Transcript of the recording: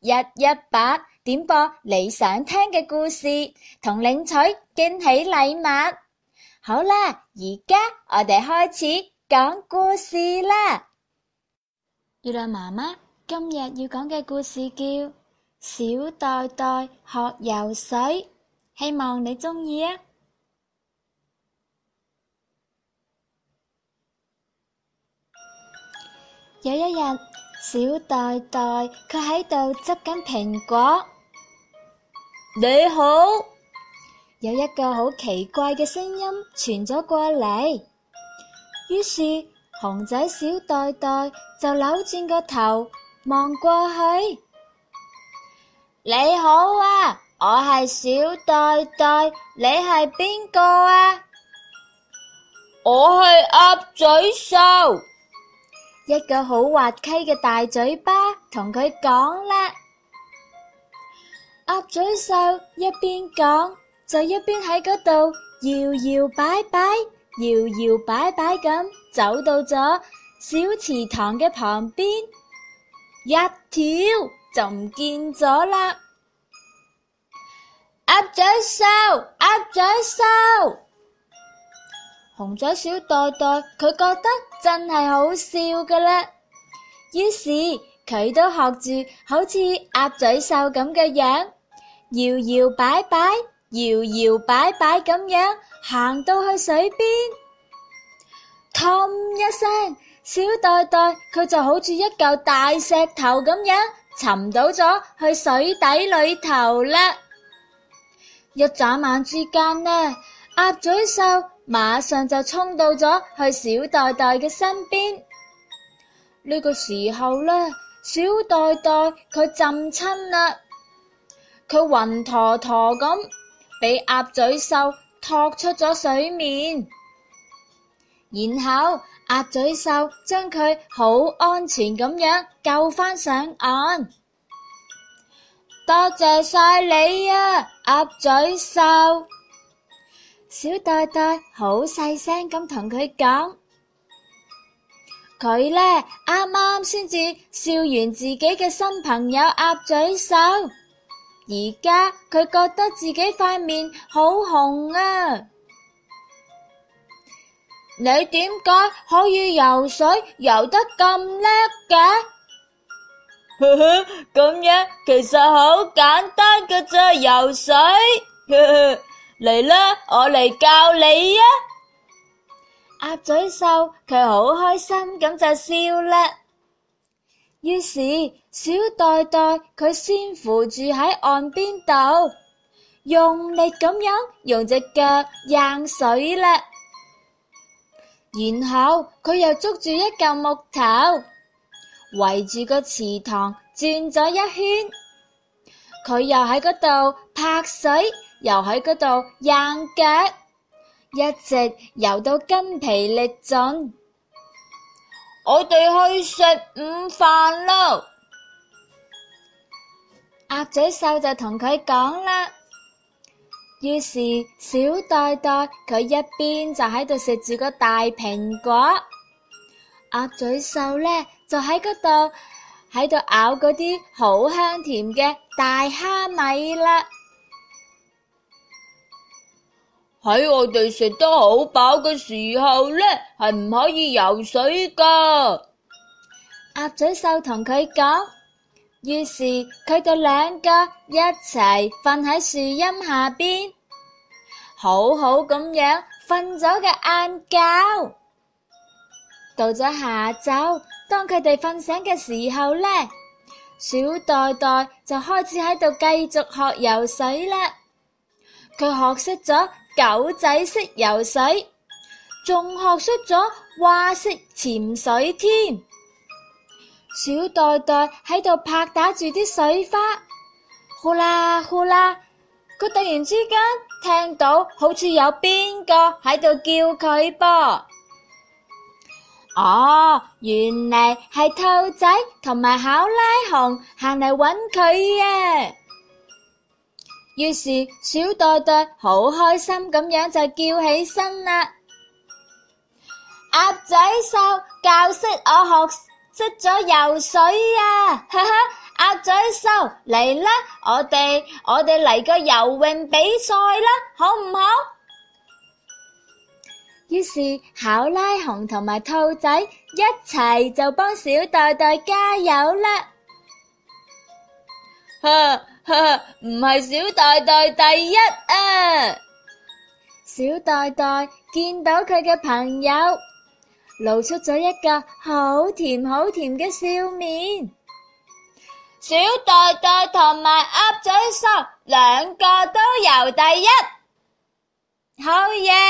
一一八點播你想聽嘅故事，同領取驚喜禮物。好啦，而家我哋開始講故事啦。月亮媽媽今日要講嘅故事叫《小袋袋學游水》，希望你鍾意啊！有一日。小袋袋佢喺度執緊蘋果。你好，有一個好奇怪嘅聲音傳咗過嚟，於是熊仔小袋袋就扭轉個頭望過去。你好啊，我係小袋袋，你係邊個啊？我係鴨嘴獸。一個好滑稽嘅大嘴巴，同佢講啦。鴨嘴獸一邊講，就一邊喺嗰度搖搖擺擺、搖搖擺擺咁走到咗小池塘嘅旁邊，一跳就唔見咗啦。鴨嘴獸，鴨嘴獸。紅咗小袋袋，佢覺得真係好笑㗎喇。於是佢都學住好似鴨嘴獸咁嘅樣搖搖擺擺、搖搖擺擺咁樣行到去水邊，氹一聲，小袋袋佢就好似一嚿大石頭咁樣沉到咗去水底裏頭啦。一眨眼之間呢，鴨嘴獸。馬上就衝到咗去小袋袋嘅身邊。呢個時候呢，小袋袋佢浸親啦，佢暈陀陀咁，俾鴨嘴獸托出咗水面。然後鴨嘴獸將佢好安全咁樣救返上岸。多謝晒你啊，鴨嘴獸！小袋袋好細聲咁同佢講，佢呢啱啱先至笑完自己嘅新朋友鴨嘴獸，而家佢覺得自己塊面好紅啊！你點解可以游水游得咁叻嘅？呵呵，咁樣其實好簡單噶啫，游水。呵呵。」嚟啦，我嚟教你啊！鴨嘴獸佢好開心咁就笑啦。於是小袋袋佢先扶住喺岸邊度，用力咁樣用隻腳扔水啦。然後佢又捉住一嚿木頭，圍住個池塘轉咗一圈。佢又喺嗰度拍水。又喺嗰度，硬腳，一直游到筋疲力盡。我哋去食午飯咯！鴨嘴獸就同佢講啦。於是小袋袋佢一邊就喺度食住個大蘋果，鴨嘴獸咧就喺嗰度喺度咬嗰啲好香甜嘅大蝦米啦。喺我哋食得好飽嘅時候呢，係唔可以游水噶。鴨嘴獸同佢講，於是佢哋兩個一齊瞓喺樹蔭下邊，好好咁樣瞓咗個晏覺。到咗下晝，當佢哋瞓醒嘅時候呢，小袋袋就開始喺度繼續學游水啦。佢學識咗。狗仔式游水，仲學識咗蛙式潛水添。小袋袋喺度拍打住啲水花，呼啦呼啦。佢突然之間聽到好似有邊個喺度叫佢噃。哦，原嚟係兔仔同埋考拉熊行嚟揾佢啊！於是小袋袋好開心咁樣就叫起身啦！鴨嘴獸教識我學識咗游水呀，哈哈！鴨嘴獸嚟啦，我哋我哋嚟個游泳比賽啦，好唔好？於是考拉熊同埋兔仔一齊就幫小袋袋加油啦，呵。呵，唔係小袋袋第一啊！小袋袋見到佢嘅朋友，露出咗一個好甜好甜嘅笑面。小袋袋同埋鴨嘴獸兩個都游第一，好嘢！